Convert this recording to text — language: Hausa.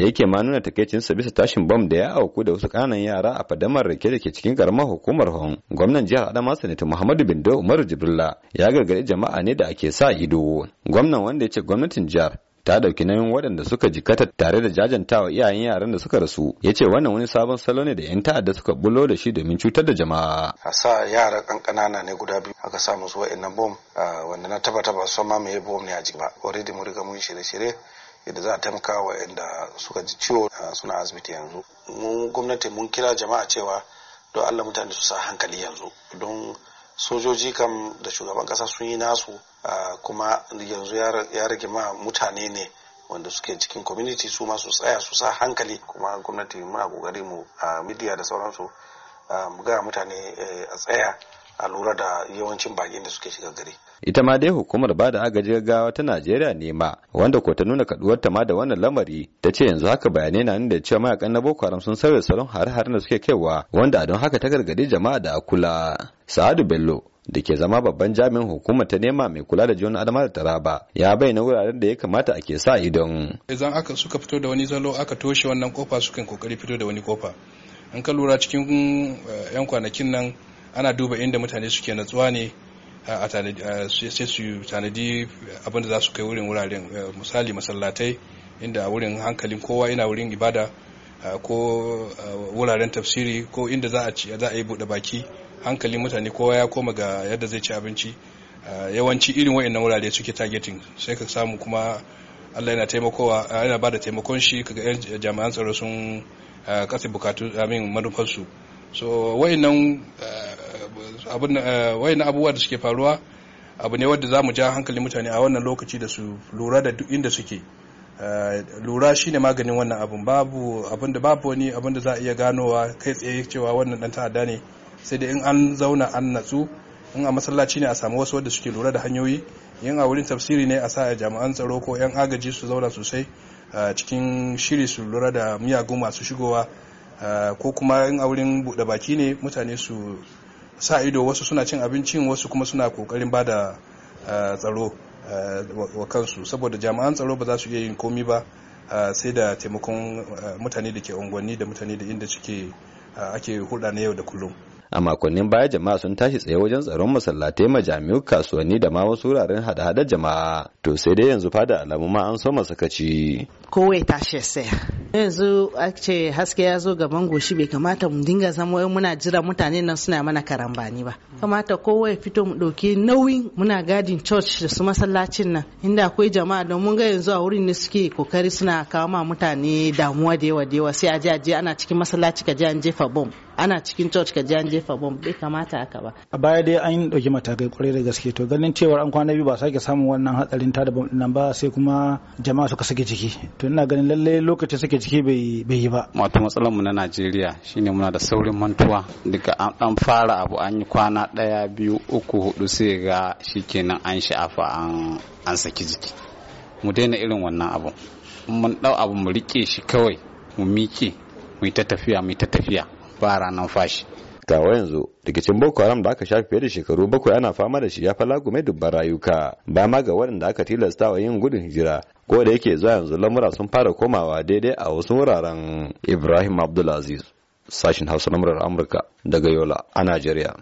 da yake ma nuna takaicinsa bisa tashin bom da ya auku da wasu kananan yara a fadamar rake da ke cikin karamar hukumar hon gwamnan jihar adama sanata muhammadu bindo umaru jibrila ya gargaɗi jama'a ne da ake sa ido gwamnan wanda ya ce gwamnatin jihar ta dauki nauyin waɗanda suka jikata tare da jajantawa iyayen yaran da suka rasu ya ce wannan wani sabon salo ne da 'yan ta'adda suka bulo da shi domin cutar da jama'a a sa yara na ne guda biyu aka sa musu wa'annan bom wanda na taba ba su ma mai bom ne a jiki ba already mun riga mun shirye-shirye yadda za a taimaka wa yadda suka ji ciwo suna asibiti yanzu mun gwamnati mun kira jama'a cewa don allah mutane su sa hankali yanzu don sojoji kam da shugaban kasa sun yi nasu kuma yanzu ya rage ma mutane ne wanda suke cikin community su ma su tsaya su sa hankali kuma gwamnati muna kokari mu a midiya da sauransu mu ga mutane eh, a tsaya a lura da yawancin baƙin da suke shiga gari ita ma dai hukumar bada agaji gaggawa ta Najeriya ne ma wanda ko ta nuna kaduwar ta ma da wannan lamari ta ce yanzu haka bayanai na nuna cewa mayakan na Boko Haram sun sauya salon har har da suke kaiwa wanda a don haka ta gargadi jama'a da kula Sa'adu Bello da ke zama babban jami'in hukumar ta nema mai kula da jiyon adama da taraba ya bayyana wuraren da ya kamata a ke sa idon idan aka suka fito da wani zalo aka toshe wannan kofa sukan kokari fito da wani kofa in ka lura cikin eh, yan kwanakin nan ana duba inda mutane suke natsuwa ne sai su tanadi abinda za su kai wurin wuraren eh, misali masallatai inda wurin hankalin kowa yana wurin ibada ko wuraren tafsiri ko inda za a yi buɗe baki hankalin mutane kowa ya koma ga yadda zai ci abinci yawanci irin wa'annan wurare suke targeting sai ka samu kuma allah yana taimakowa yana ba da taimakon shi kaga yan jami'an tsaro sun kasa bukatu amin manufarsu so wa'annan abin eh, abubuwa da suke faruwa abu ne wadda za mu ja hankalin mutane a wannan lokaci da su lura da duk inda suke eh, lura shine maganin wannan abun babu abin da babu wani abin da za a iya ganowa kai tsaye cewa wannan dan ta'adda ne sai da in an zauna an natsu in a masallaci ne a samu wasu wadda suke lura da hanyoyi yin a wurin tafsiri ne a sa jami'an tsaro ko 'yan agaji su zauna sosai eh, cikin shiri su lura da miyagun masu shigowa ko kuma in a wurin buɗe baki ne mutane su sa ido wasu suna cin abincin wasu kuma suna kokarin ba da eh, tsaro eh, wa kansu saboda jami'an tsaro ba za su iya yin komi ba eh, sai da taimakon mutane da ke unguwanni da mutane da inda suke ake hulɗa na yau da kullum a makonnin baya jama'a sun tashi tsaye wajen tsaron masallatai majami'u kasuwanni da ma wasu wuraren hada-hada jama'a to sai dai yanzu fada alamu ma an so masakaci kowa ya tashi ya yanzu a ce haske ya zo gaban goshi bai kamata mu dinga zama muna jira mutane nan suna mana karambani ba kamata kowa fito mu ɗauki nauyin muna gadin church da su masallacin nan inda akwai jama'a don mun ga yanzu a wurin ne suke kokari suna kawo ma mutane damuwa da yawa da yawa sai a je a je ana cikin masallaci ka je an jefa bom ana cikin church ka je an jefa bom bai kamata haka ba a baya dai an ɗauki matakai kwarai da gaske to ganin cewar an kwana biyu ba sake samun wannan hatsarin tada bom nan ba sai kuma jama'a suka sake ciki to ina ganin lalle lokaci suke ciki bai yi ba wato matsalar mu na Najeriya shine muna da saurin mantuwa daga an dan fara abu an yi kwana daya biyu uku hudu sai ga shi shikenan an sha'afa an saki jiki mu daina irin wannan abu mun dau abu mu rike shi kawai mu miƙe mu ta tafiya mu ta tafiya ba ranar fashi kawo yanzu rikicin boko haram da aka shafe fiye da shekaru bakwai ana fama da shi ya falagume dubban rayuka ba ma ga waɗanda aka tilasta wa yin gudun hijira ko da yake zuwa yanzu lamura sun fara komawa daidai a wasu wuraren ibrahim abdulaziz sashin hausa na murar amurka daga yola a najeriya